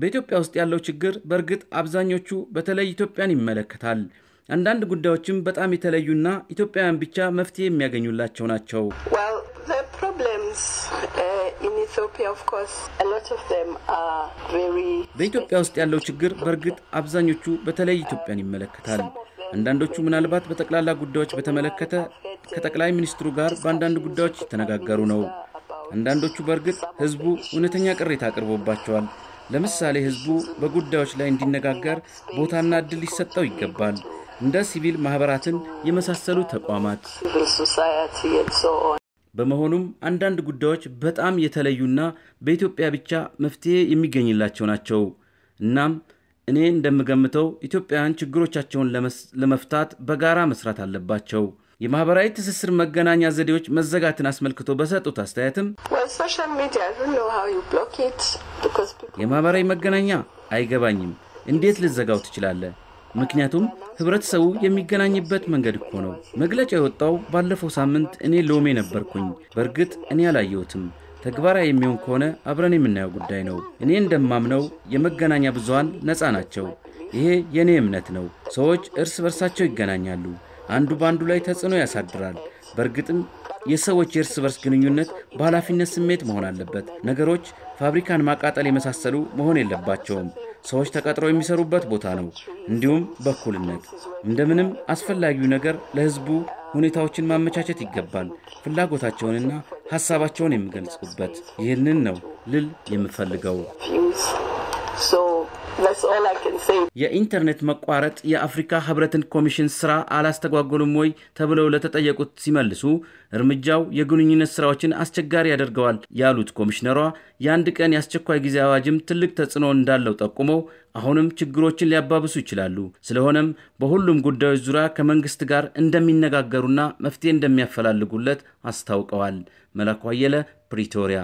በኢትዮጵያ ውስጥ ያለው ችግር በእርግጥ አብዛኞቹ በተለይ ኢትዮጵያን ይመለከታል። አንዳንድ ጉዳዮችም በጣም የተለዩና ኢትዮጵያውያን ብቻ መፍትሄ የሚያገኙላቸው ናቸው። uh, በኢትዮጵያ ውስጥ ያለው ችግር በእርግጥ አብዛኞቹ በተለይ ኢትዮጵያን ይመለከታል። አንዳንዶቹ ምናልባት በጠቅላላ ጉዳዮች በተመለከተ ከጠቅላይ ሚኒስትሩ ጋር በአንዳንድ ጉዳዮች የተነጋገሩ ነው። አንዳንዶቹ በእርግጥ ሕዝቡ እውነተኛ ቅሬታ አቅርቦባቸዋል። ለምሳሌ ህዝቡ በጉዳዮች ላይ እንዲነጋገር ቦታና እድል ሊሰጠው ይገባል። እንደ ሲቪል ማኅበራትን የመሳሰሉ ተቋማት። በመሆኑም አንዳንድ ጉዳዮች በጣም የተለዩና በኢትዮጵያ ብቻ መፍትሄ የሚገኝላቸው ናቸው። እናም እኔ እንደምገምተው ኢትዮጵያውያን ችግሮቻቸውን ለመፍታት በጋራ መስራት አለባቸው። የማህበራዊ ትስስር መገናኛ ዘዴዎች መዘጋትን አስመልክቶ በሰጡት አስተያየትም የማኅበራዊ መገናኛ አይገባኝም። እንዴት ልዘጋው ትችላለ? ምክንያቱም ህብረተሰቡ የሚገናኝበት መንገድ እኮ ነው። መግለጫ የወጣው ባለፈው ሳምንት እኔ ሎሜ ነበርኩኝ። በእርግጥ እኔ አላየሁትም። ተግባራዊ የሚሆን ከሆነ አብረን የምናየው ጉዳይ ነው። እኔ እንደማምነው የመገናኛ ብዙሃን ነፃ ናቸው። ይሄ የእኔ እምነት ነው። ሰዎች እርስ በርሳቸው ይገናኛሉ። አንዱ በአንዱ ላይ ተጽዕኖ ያሳድራል። በእርግጥም የሰዎች የእርስ በርስ ግንኙነት በኃላፊነት ስሜት መሆን አለበት። ነገሮች ፋብሪካን ማቃጠል የመሳሰሉ መሆን የለባቸውም። ሰዎች ተቀጥረው የሚሰሩበት ቦታ ነው። እንዲሁም በኩልነት እንደምንም አስፈላጊው ነገር ለሕዝቡ ሁኔታዎችን ማመቻቸት ይገባል። ፍላጎታቸውንና ሐሳባቸውን የሚገልጹበት ይህንን ነው ልል የምፈልገው። የኢንተርኔት መቋረጥ የአፍሪካ ህብረትን ኮሚሽን ስራ አላስተጓጎሉም ወይ ተብለው ለተጠየቁት ሲመልሱ እርምጃው የግንኙነት ስራዎችን አስቸጋሪ ያደርገዋል ያሉት ኮሚሽነሯ የአንድ ቀን የአስቸኳይ ጊዜ አዋጅም ትልቅ ተጽዕኖ እንዳለው ጠቁመው አሁንም ችግሮችን ሊያባብሱ ይችላሉ። ስለሆነም በሁሉም ጉዳዮች ዙሪያ ከመንግስት ጋር እንደሚነጋገሩና መፍትሄ እንደሚያፈላልጉለት አስታውቀዋል። መላኩ አየለ ፕሪቶሪያ